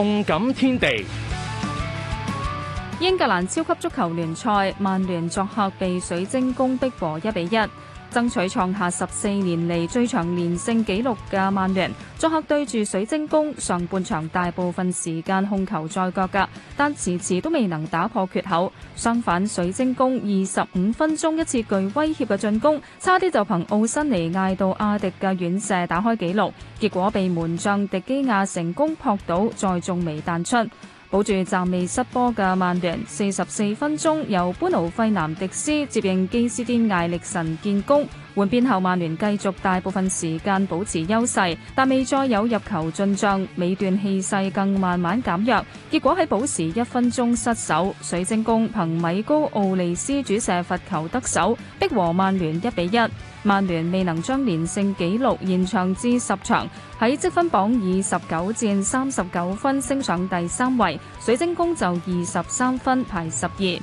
動感天地，英格蘭超級足球聯賽，曼聯作客被水晶宮逼和一比一。爭取創下十四年嚟最長連勝紀錄嘅曼聯，作客對住水晶宮，上半場大部分時間控球在腳架，但遲遲都未能打破缺口。相反，水晶宮二十五分鐘一次具威脅嘅進攻，差啲就憑奧申尼嗌到阿迪嘅遠射打開紀錄，結果被門將迪基亞成功撲倒，再中未彈出。保住暫未失波嘅曼聯，四十四分鐘由般奴費南迪斯接應基斯甸艾歷臣建功。換邊後，曼聯繼續大部分時間保持優勢，但未再有入球進賬。尾段氣勢更慢慢減弱，結果喺補時一分鐘失守。水晶宮憑米高奧利斯主射罰球得手，逼和曼聯一比一。曼聯未能將連勝紀錄延長至十場，喺積分榜以十九戰三十九分升上第三位。水晶宮就二十三分排十二。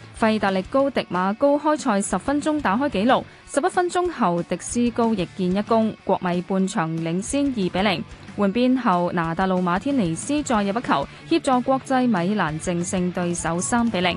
費達力高迪馬高開賽十分鐘打開紀錄，十一分鐘後迪斯高亦建一功，國米半場領先二比零。換邊後，拿達路馬天尼斯再入一球，協助國際米蘭淨勝對手三比零。